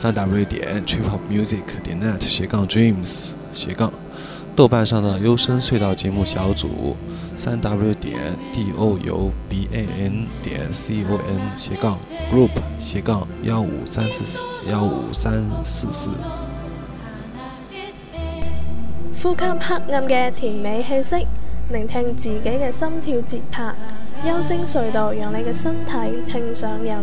三 w 點 t r i p u p m u s i c 點 net 斜槓 dreams 斜槓豆瓣上的幽聲隧道節目小組，三 w 點 d o u b a n 點 c o n 斜槓 group 斜槓幺五三四四幺五三四四。呼吸黑暗嘅甜美氣息，聆聽自己嘅心跳節拍。幽聲隧道讓你嘅身體聽上癮。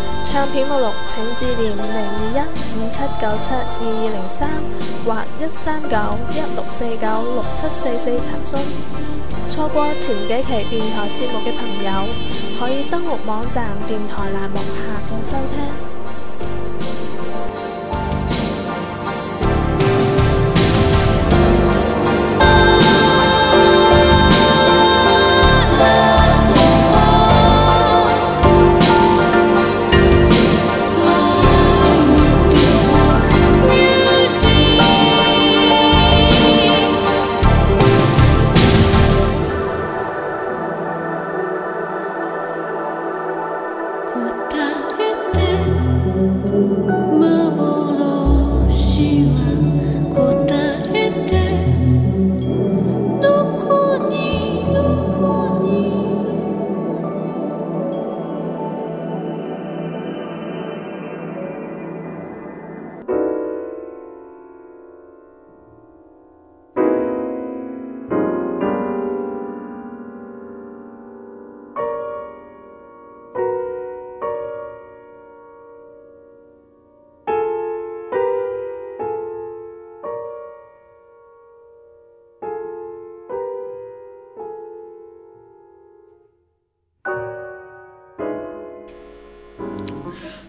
唱片目錄，請致電五零二一五七九七二二零三或一三九一六四九六七四四查詢。錯過前幾期電台節目嘅朋友，可以登錄網站電台欄目下載收聽。